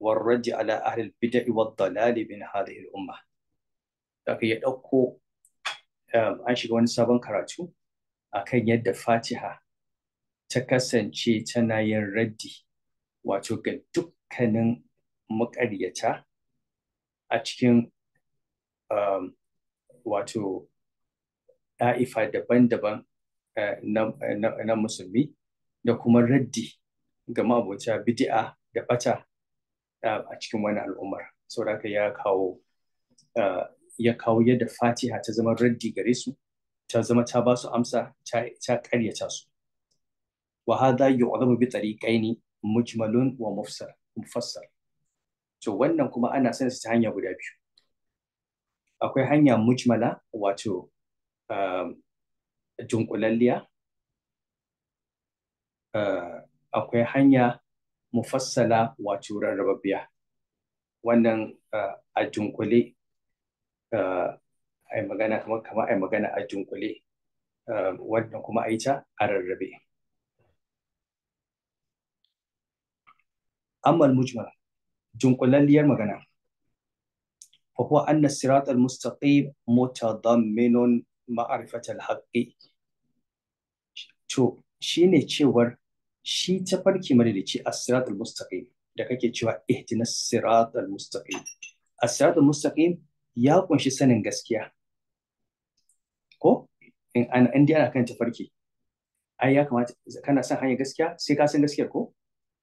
والرد على أهل البدع والضلال من هذه الأمة Daga ya ɗauko ah, an shiga wani sabon karatu akan yadda fatiha ta kasance tana yin raddi wato ga dukkanin maƙaryata a cikin um, wato ɗa'ifa daban-daban uh, na, na, na musulmi da kuma raddi ga mabota bidi'a da bata uh, a cikin wani al'ummar saboda so, ya kawo uh, ya kawo yadda fatiha ta zama raddi gare su ta zama ta ba su amsa ta karyata su wa wa yu'lamu bi tariqaini mujmalun wa mafassar? mufassar to wannan kuma ana son su ta hanya guda biyu akwai hanya mujmala wato um, dunkulalliya uh, akwai hanya mufassala wato rarrababbiya wannan uh, a dunkule uh, a magana kamar kama a magana a dunkule um, wannan kuma a yi ta a rarrabe. amal mujmala junkulalliyar magana فهو أن الصراط المستقيم ma'arifat al الحق to shine cewar shi ta farki ce as-sirat al-mustaqim da kake cewa ihdinas sirat al-mustaqim as-sirat al-mustaqim ya kunshi sanin gaskiya ko in an inda ana kan tafarki ai ya kamata kana son hanyar gaskiya sai ka san gaskiya ko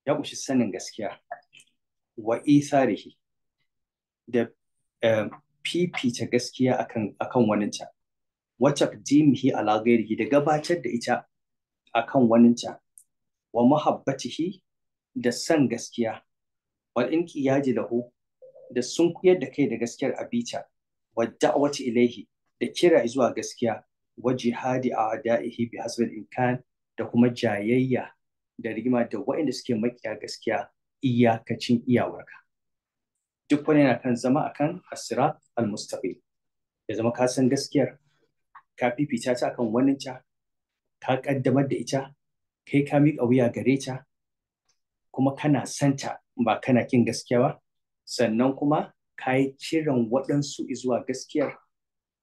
ya kunshi sanin gaskiya wa isarihi da eh, fifita gaskiya akan akan waninta wa taqdimihi ala ghairihi da gabatar da ita akan waninta wa muhabbatihi da san gaskiya wal inqiyaji lahu da sun kuyar da kai da gaskiyar abita wa da'wati ilaihi da kira zuwa gaskiya wa jihadi adaihi bi hasbil imkan da kuma jayayya da rigima da waɗanda suke makiya gaskiya iyakacin iyawarka duk wani yana kan zama akan asira al ya zama ka san gaskiyar ka fifita ta akan wani ta ka kaddamar da ita kai ka miƙa wuya gare ta kuma kana santa ba kana kin gaskiya ba sannan kuma ka yi kiran waɗansu zuwa gaskiyar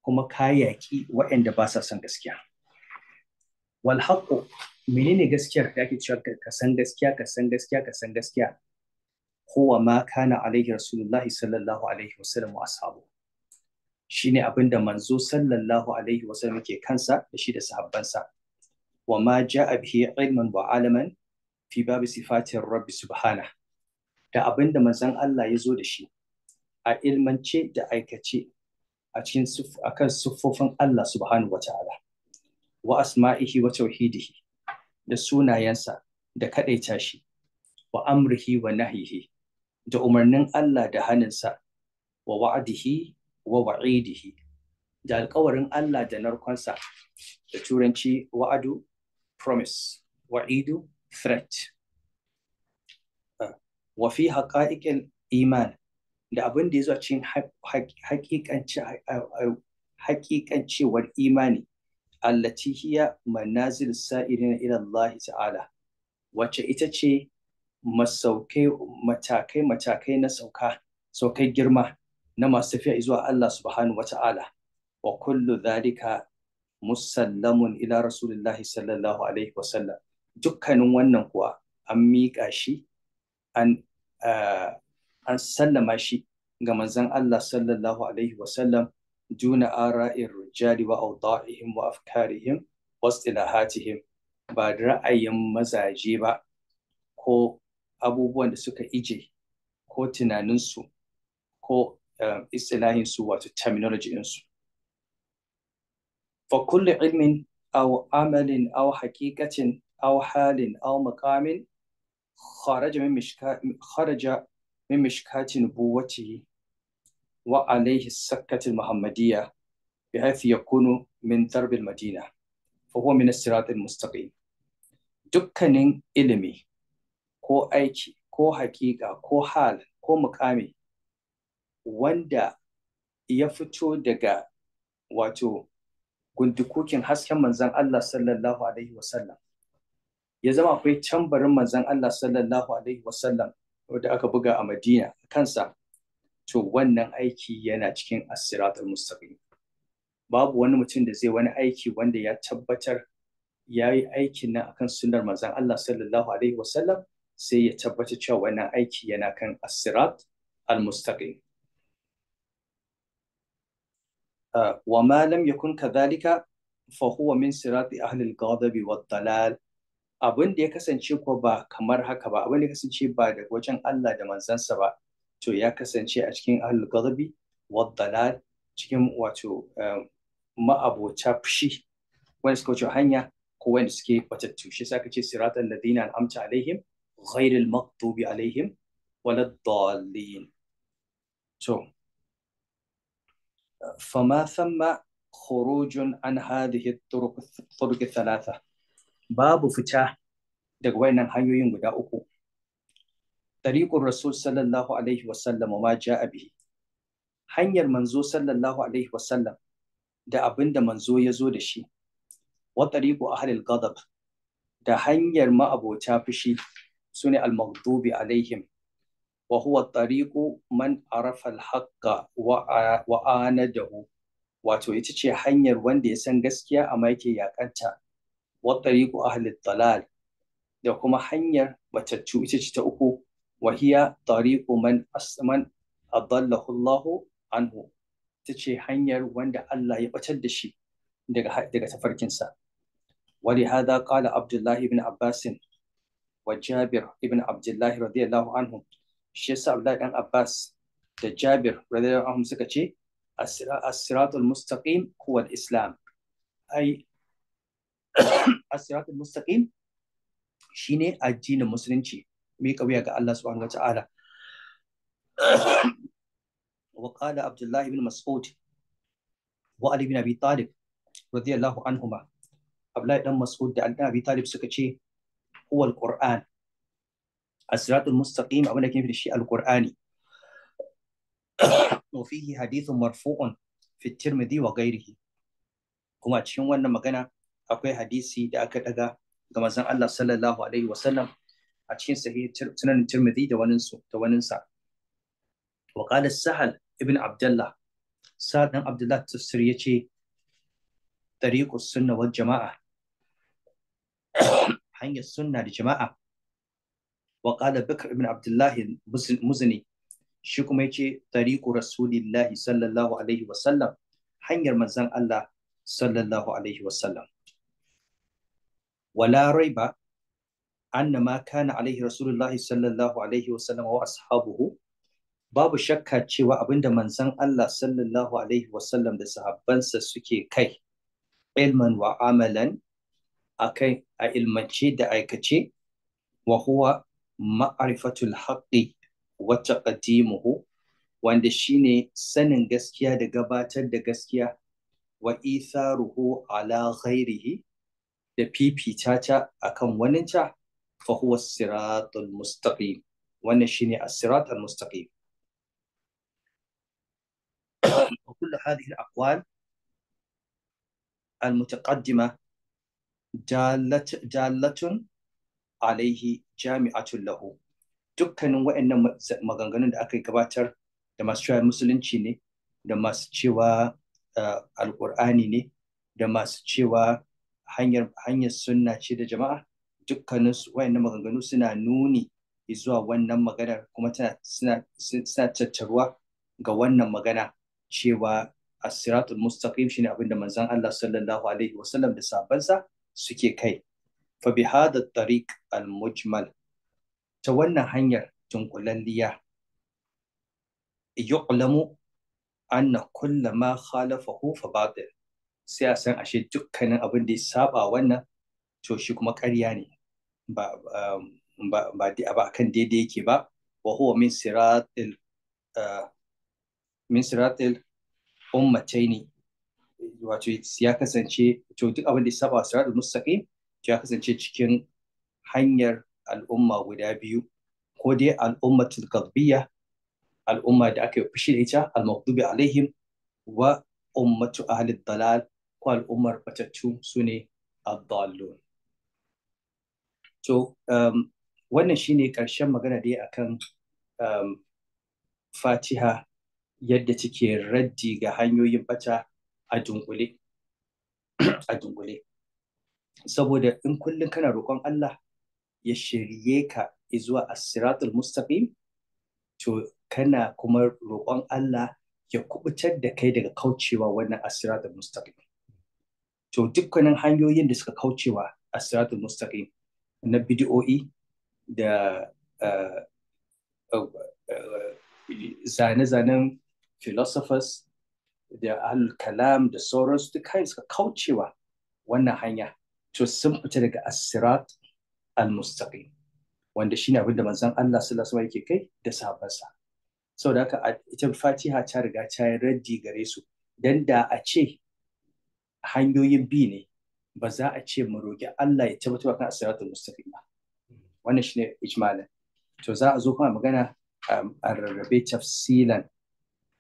kuma ka yaƙi waɗanda ba sa son gaskiya wal menene gaskiyar da ake cewa ka san gaskiya ka san gaskiya ka san gaskiya Kowa ma kana alaihi rasulullahi sallallahu alaihi wasallam wa ashabu shine abinda da manzo sallallahu alaihi wasallam yake kansa da shi da sahabbansa wa ma ja'a bihi ilman wa alaman fi babu sifatin rabbi subhana da abin da manzon Allah ya zo da shi a ilmance da aikace a cikin akan siffofin Allah subhanahu wata'ala wa asma'ihi wa tauhidihi da sunayensa da kadaita shi wa amrihi wa nahyihi da umarnin Allah da haninsa wa wa'adihi wa wa'idihi da alkawarin Allah da narkonsa da turanci wa'adu promise wa'idu threat ah, wa fi haƙa'iƙin iman da abin da ya zo cikin haƙiƙancewar imani allati hiya manazil sa'irin ila Allah ta'ala wacce ita ce matakai-matakai na sauka saukai girma na masu tafiya zuwa Allah subhanahu wa wa kullu dhalika musallamun ila rasulillahi sallallahu alaihi wasallam dukkanin wannan kuwa an miƙa shi an sallama shi ga manzon Allah sallallahu alaihi wasallam duna ara'ir rijali wa awda'ihim wa afkarihim wa istilahatihim ba da ra'ayin mazaje ba ko abubuwan da suka ije ko tunaninsu ko eh, istilahinsu wato terminology insu. Fa kulli ilmin aw amalin aw haƙiƙacin aw halin aw makamin kharaja min mishkatin buwatihi wa alaihi sakkatin muhammadiyya بحيث يكون من درب المدينة فهو من الصراط المستقيم dukkanin ilimi ko aiki ko haƙiƙa ko hal ko mukami wanda ya fito daga wato gundukukin hasken manzan Allah sallallahu alaihi wasallam ya zama akwai tambarin manzan Allah sallallahu alaihi wasallam wanda aka buga a Madina kansa to wannan aiki yana cikin as-siratul mustaqim babu wani mutum da zai wani aiki wanda ya tabbatar ya yi aikin nan akan sunnar manzan Allah sallallahu alaihi wasallam sai ya tabbatar cewa wannan aiki yana kan asirat al-mustaqim uh, wa ma lam yakun kadhalika fa huwa min sirati ahli al-ghadab wa dalal abin da ya kasance ko ba kamar haka ba abin da ya kasance ba daga wajen Allah da manzansa ba to ya kasance a cikin ahlul ghadabi wa dalal cikin wato um, ma'abota fushi wanda suka wuce hanya ko wanda suke tushe, shi ka ce siratan ladina al'amta alaihim غير المغضوب عليهم ولا الضالين so فما ثم خروج عن هذه الطرق الطرق الثلاثة باب فتاة daga wayannan hanyoyin guda uku tariqur rasul sallallahu alaihi wasallam ma ja'a bihi hanyar manzo sallallahu alaihi wasallam da abinda manzo ya zo da shi wa tariqu ahlil ghadab da hanyar ma'abota fushi sune al-maghdubi alaihim wa huwa tariqu man arafa al wa anadahu wato ita ce hanyar wanda ya san gaskiya amma yake yakanta wa tariqu ahli dalal da kuma hanyar batattu ita ce ta uku wa hiya tariqu man asman adallahu Allah anhu ita ce hanyar wanda Allah ya batar da shi daga daga tafarkinsa ولهذا قال ƙala Abdullahi بن Abbasin. wa Jabir ibn Abdullah radiyallahu anhu shi yasa Abdullah dan Abbas da Jabir radiyallahu anhu suka ce as-siratul mustaqim huwa al-islam ai as-siratul mustaqim shine addinin musulunci mai kauya ga Allah subhanahu wata'ala wa qala Abdullah ibn Mas'ud wa Ali ibn Abi Talib radiyallahu anhuma Abdullah dan Mas'ud da Ali ibn Abi Talib suka ce huwa alquran as-siratul mustaqim abin da ke nufi da shi alqur'ani wa fihi hadithun marfu'un fi tirmidhi wa ghairihi kuma cikin wannan magana akwai hadisi da aka daga ga manzon Allah sallallahu wa sallam a cikin sahih sunan tirmidhi da wani su sahal ibn abdullah sa'ad ibn abdullah tafsir yace tariqus sunna wal jama'a hanyar sunna da jama'a wa qala bakr ibn abdullah muzni shi kuma yace tariqu rasulillahi sallallahu alaihi wa sallam hanyar manzon Allah sallallahu alaihi wa sallam wala raiba anna ma kana alaihi rasulullahi sallallahu alaihi wa sallam wa ashabuhu babu shakka cewa abinda manzon Allah sallallahu alaihi wa sallam da sahabbansa suke kai ilman wa amalan akai a ilmance da aikace wa huwa ma'rifatul haqqi wa taqdimuhu wanda shine sanin gaskiya da gabatar da gaskiya wa itharuhu ala ghairihi da fifita ta akan waninta fa huwa siratul mustaqim wannan shine as-sirat al-mustaqim وكل هذه الأقوال المتقدمة jalatun alaihi jami'atun lahu dukkanin waɗannan maganganun da aka gabatar da masu cewa musulunci ne da masu cewa alƙur'ani ne da masu cewa hanyar hanyar sunna ce da jama'a dukkanin su wayannan maganganu suna nuni zuwa wannan maganar kuma tana suna suna tattaruwa ga wannan magana cewa as-siratul mustaqim shine abinda manzon Allah sallallahu alaihi wasallam da sabansa suke kai fa bi hada tariq al mujmal ta wannan hanyar tunkulalliya yuqlamu anna kulla ma khalafahu fa batil sai a san ashe dukkanin abin da ya saba wannan to shi kuma ƙarya ne ba um, ba ba kan daidai yake ba wa huwa min siratil uh, min siratil ummataini wato ya kasance to duk abin da saba siratul mustaqim ya kasance cikin hanyar al'umma guda biyu ko dai al'ummatul qalbiyya al'umma da aka yi fushi da ita al-maghdubi alaihim wa ummatu ahli dalal ko al'ummar batattu sune ad-dallun to um, wannan shine karshen magana dai akan um, fatiha yadda take raddi ga hanyoyin bata a dunkule a dunkule saboda in kullum kana roƙon Allah ya shirye ka zuwa as-siratul mustaqim to kana kuma roƙon Allah ya kubutar da kai daga kaucewa wannan as-siratul mustaqim to dukkanin hanyoyin da suka kaucewa as-siratul mustaqim na bidiyo'i da eh, eh, eh, zane-zanen philosophers da ahlul kalam da sauransu duk hanyar suka kaucewa wannan hanya to sun fita daga asirat al-mustaqim wanda shine abin da manzon Allah sallallahu alaihi yake kai da sahabbansa saboda haka ita Fatiha ta riga ta yi raddi gare su dan da a ce hanyoyin bi ne ba za a ce mu roki Allah ya tabbatar kan al mustaqim ba wannan shine ijmalan to za a zo kuma magana um, a rarrabe tafsilan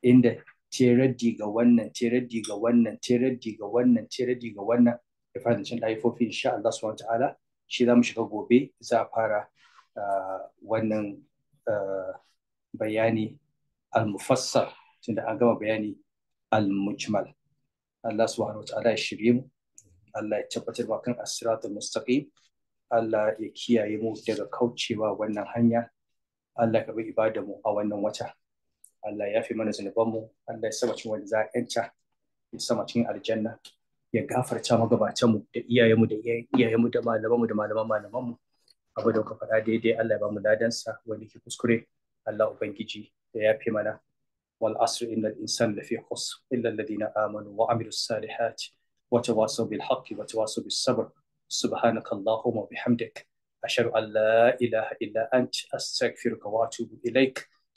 inda ce raddi ga wannan ce raddi ga wannan ce raddi ga wannan ce raddi ga wannan da fahimcin laifofi insha Allah subhanahu ta'ala shi za mu shiga gobe za fara wannan bayani al-mufassar tunda an gama bayani al-mujmal Allah subhanahu ta'ala ya shirye mu Allah ya tabbatar ba kan as-siratul mustaqim Allah ya kiyaye mu daga kaucewa wannan hanya Allah ka bi ibada mu a wannan wata Allah ya fi mana mu. Allah ya sama cin wani za'yanta ya sama cin aljanna ya gafarta magabatanmu da mu, da mu, da mu, da malaman malamanmu abu da kuka faɗa daidai Allah ya ba mu ladansa wanda ke kuskure Allah ubangiji ya yafe mana wal asr innal insana lafi khusr illa alladhina amanu wa amilus salihati wa tawasaw bil haqqi wa tawasaw bis sabr سبحانك اللهم وبحمدك أشهد أن لا إله إلا أنت أستغفرك وأتوب إليك